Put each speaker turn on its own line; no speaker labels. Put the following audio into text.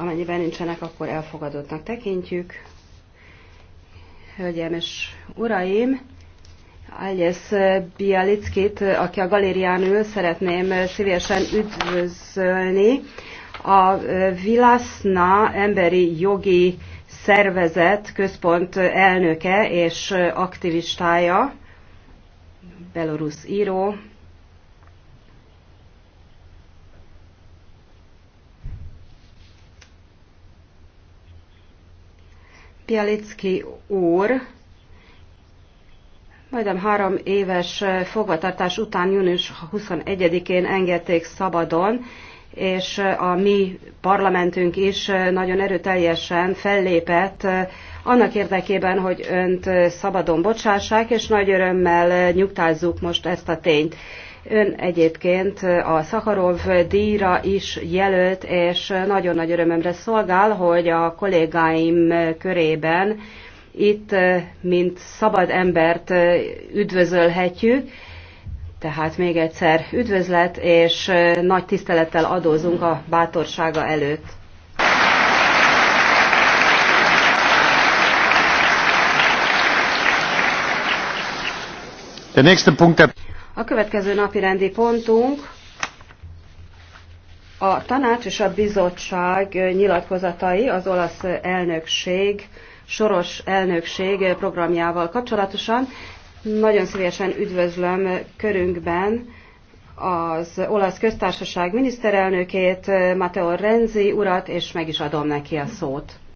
Amennyiben nincsenek, akkor elfogadottnak tekintjük. Hölgyeim és uraim, Ágyes Bialickit, aki a galérián ül, szeretném szívesen üdvözölni. A Vilaszna emberi jogi szervezet központ elnöke és aktivistája, belorusz író, Pialicki úr majdnem három éves fogvatartás után június 21-én engedték szabadon, és a mi parlamentünk is nagyon erőteljesen fellépett annak érdekében, hogy önt szabadon bocsássák, és nagy örömmel nyugtázzuk most ezt a tényt. Ön egyébként a Szakarov díjra is jelölt, és nagyon nagy örömömre szolgál, hogy a kollégáim körében itt, mint szabad embert üdvözölhetjük. Tehát még egyszer üdvözlet, és nagy tisztelettel adózunk a bátorsága előtt.
Der nächste Punkt der
a következő napi rendi pontunk a tanács és a bizottság nyilatkozatai az olasz elnökség, soros elnökség programjával kapcsolatosan. Nagyon szívesen üdvözlöm körünkben az olasz köztársaság miniszterelnökét, Matteo Renzi urat, és meg is adom neki a szót.